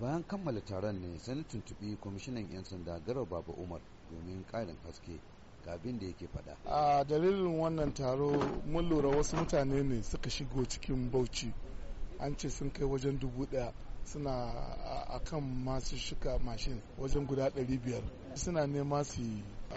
bayan kammala taron ne sai na tuntubi kwamishinan 'yan sanda garaba baba umar domin ƙarin haske ga abin da yake faɗa. a dalilin wannan taro mun lura wasu mutane ne suka shigo cikin bauchi an ce sun kai wajen dubu ɗaya suna a kan masu shika mashin wajen guda ɗari biyar suna nema su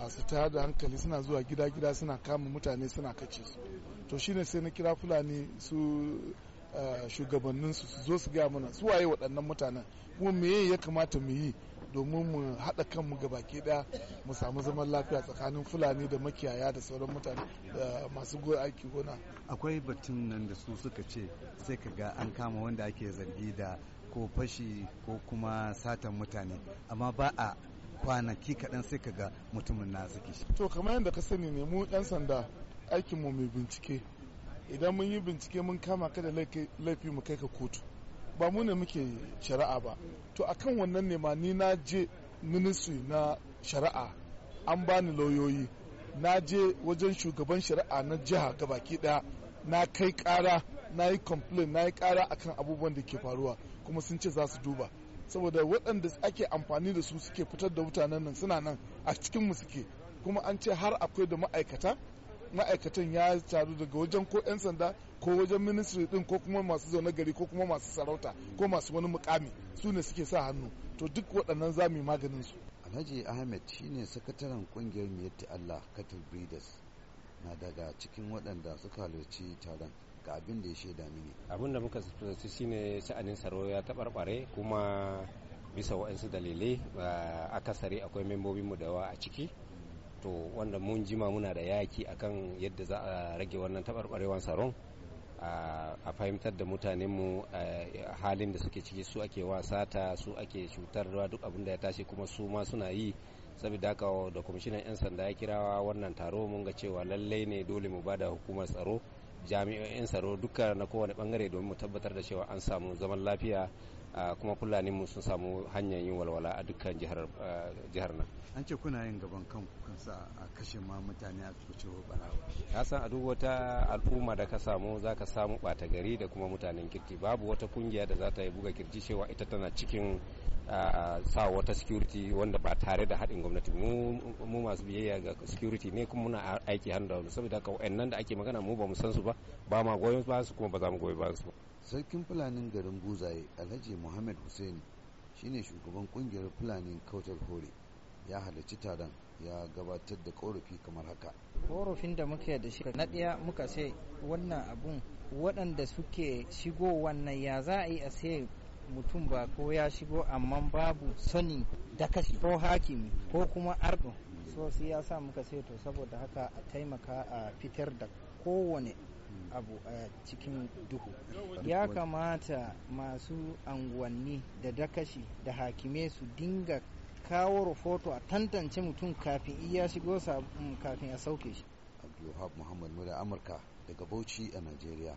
su tayar da hankali suna zuwa gida-gida suna kama mutane suna kace su to shine sai na kira fulani su Eh, shugabanninsu su zo su gaya mana su waye waɗannan mutanen kuma meye ya kamata mu yi domin mu haɗa kanmu ga baki ɗaya mu samu zaman lafiya tsakanin fulani da makiyaya da sauran mutane da masu goyi aiki gona akwai batun nan da su suka ce sai ka ga an kama wanda ake zargi da ko fashi ko kuma satan mutane amma ba a kwanaki kaɗan sai ka ga mutumin na shi. to kamar yadda ka sani ne mu ɗan sanda aikinmu mai bincike idan mun yi bincike mun kama ka da laifi mu kai ka kotu ba mu ne muke shari'a ba to akan wannan ne ma ni na je ministry na shari'a an bani lauyoyi na je wajen shugaban shari'a na jiha gabaki daya na kai kara na yi complain na yi kara akan abubuwan da ke faruwa kuma sun ce za su duba saboda waɗanda ake amfani da su suke fitar da mutanen nan suna nan a cikin mu suke kuma an ce har akwai da ma'aikata ma'aikatan ya taru daga wajen ko 'yan sanda ko wajen ministry din ko kuma masu zaune gari ko kuma masu sarauta ko masu wani mukami su ne suke sa hannu to duk waɗannan za mu yi maganin su alhaji ahmed shine sakataren kungiyar miyatti allah cattle breeders na daga cikin waɗanda suka halarci taron ga abin da ya shaida mini abin da muka tsoci shine sha'anin tsaro ya taɓarɓare kuma bisa waɗansu dalilai a akasari akwai membobinmu da yawa a ciki to wanda mun jima muna da yaki akan yadda za a rage wannan taɓarɓarewan tsaron a fahimtar da mutanenmu halin da suke ciki su ake wasata su ake cutarwa duk abin da ya tashi kuma su ma suna yi saboda haka da kwamishinan 'yan sanda ya kirawa wannan taro mun ga cewa lallai ne dole mu bada hukumar tsaro jami'o'in tsaro duka na kowane bangare domin mu tabbatar da cewa an samu zaman lafiya kuma fulanin mu sun samu hanyar yin walwala a dukkan jihar nan an ce kuna yin gaban kan kansa a kashe ma mutane a tsoce barawa ka san a duk wata al'umma da ka samu za ka samu bata gari da kuma mutanen kirki babu wata kungiya da za ta yi buga kirji cewa ita tana cikin sa wata security wanda ba tare da haɗin gwamnati mu masu biyayya ga security ne kuma muna aiki hannu da saboda haka nan da ake magana mu ba mu san su ba ba ma goyon ba su kuma ba za mu goyi ba su sarkin fulanin garin buzaye alhaji muhammad hussein shine shugaban kungiyar fulanin kautar hore ya halarci taron ya gabatar da korafi kamar haka korafin da muke da shi na ɗaya muka ce wannan abun waɗanda suke shigo wannan ya za a yi a sai mutum ba ko ya shigo amma babu da dakashi ko hakimi ko kuma ardo so sai ya sa muka sai to saboda haka a taimaka a fitar da kowane abu a cikin duhu ya kamata masu anguwanni da dakashi da hakime su dinga kawo rahoto a tantance mutum kafin iya shigo mm, kafin a sauke shi abdullahi muhammad mura amurka daga bauchi a najeriya